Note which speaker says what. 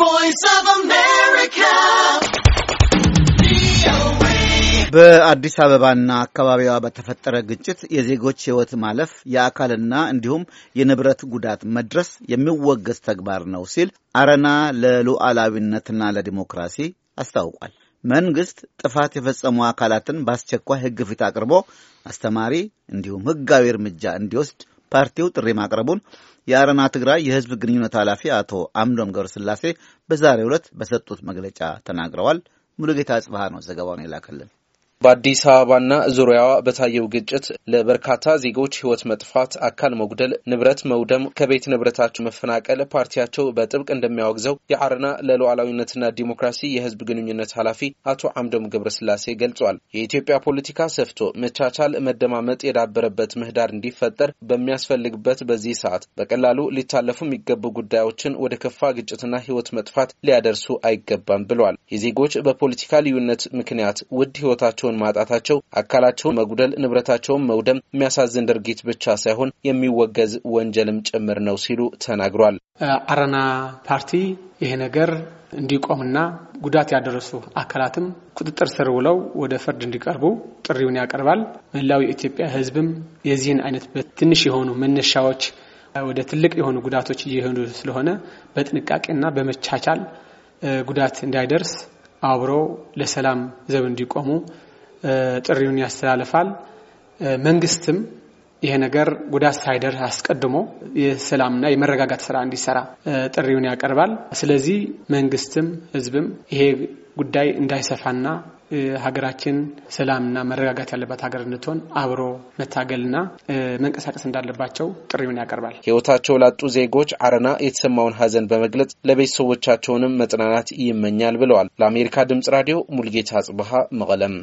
Speaker 1: voice of America. በአዲስ አበባና አካባቢዋ በተፈጠረ ግጭት የዜጎች ሕይወት ማለፍ የአካልና እንዲሁም የንብረት ጉዳት መድረስ የሚወገዝ ተግባር ነው ሲል አረና ለሉዓላዊነትና ለዲሞክራሲ አስታውቋል። መንግስት ጥፋት የፈጸሙ አካላትን በአስቸኳይ ሕግ ፊት አቅርቦ አስተማሪ እንዲሁም ሕጋዊ እርምጃ እንዲወስድ ፓርቲው ጥሪ ማቅረቡን የአረና ትግራይ የህዝብ ግንኙነት ኃላፊ አቶ አምዶም ገብረስላሴ በዛሬው ዕለት በሰጡት መግለጫ ተናግረዋል። ሙሉጌታ ጽብሃ ነው ዘገባውን የላከልን።
Speaker 2: በአዲስ አበባና ዙሪያዋ በታየው ግጭት ለበርካታ ዜጎች ህይወት መጥፋት፣ አካል መጉደል፣ ንብረት መውደም፣ ከቤት ንብረታቸው መፈናቀል ፓርቲያቸው በጥብቅ እንደሚያወግዘው የአረና ለሉዓላዊነትና ዲሞክራሲ የህዝብ ግንኙነት ኃላፊ አቶ አምዶም ገብረስላሴ ገልጿል። የኢትዮጵያ ፖለቲካ ሰፍቶ መቻቻል፣ መደማመጥ የዳበረበት ምህዳር እንዲፈጠር በሚያስፈልግበት በዚህ ሰዓት በቀላሉ ሊታለፉ የሚገቡ ጉዳዮችን ወደ ከፋ ግጭትና ህይወት መጥፋት ሊያደርሱ አይገባም ብሏል። የዜጎች በፖለቲካ ልዩነት ምክንያት ውድ ህይወታቸው ሕይወታቸውን ማጣታቸው፣ አካላቸውን መጉደል፣ ንብረታቸውን መውደም የሚያሳዝን ድርጊት ብቻ ሳይሆን የሚወገዝ ወንጀልም ጭምር ነው ሲሉ ተናግሯል።
Speaker 3: አረና ፓርቲ ይሄ ነገር እንዲቆምና ጉዳት ያደረሱ አካላትም ቁጥጥር ስር ውለው ወደ ፍርድ እንዲቀርቡ ጥሪውን ያቀርባል። መላው የኢትዮጵያ ሕዝብም የዚህን አይነት በትንሽ የሆኑ መነሻዎች ወደ ትልቅ የሆኑ ጉዳቶች እየሄዱ ስለሆነ በጥንቃቄና በመቻቻል ጉዳት እንዳይደርስ አብሮ ለሰላም ዘብ እንዲቆሙ ጥሪውን ያስተላልፋል። መንግስትም ይሄ ነገር ጉዳት ሳይደርስ አስቀድሞ የሰላምና የመረጋጋት ስራ እንዲሰራ ጥሪውን ያቀርባል። ስለዚህ መንግስትም ህዝብም ይሄ ጉዳይ እንዳይሰፋና ሀገራችን ሰላምና መረጋጋት ያለባት ሀገር እንድትሆን አብሮ መታገልና መንቀሳቀስ እንዳለባቸው ጥሪውን ያቀርባል።
Speaker 2: ህይወታቸው ላጡ ዜጎች አረና የተሰማውን ሀዘን በመግለጽ ለቤተሰቦቻቸውንም መጽናናት ይመኛል ብለዋል። ለአሜሪካ ድምጽ ራዲዮ ሙልጌታ አጽብሃ መቀለም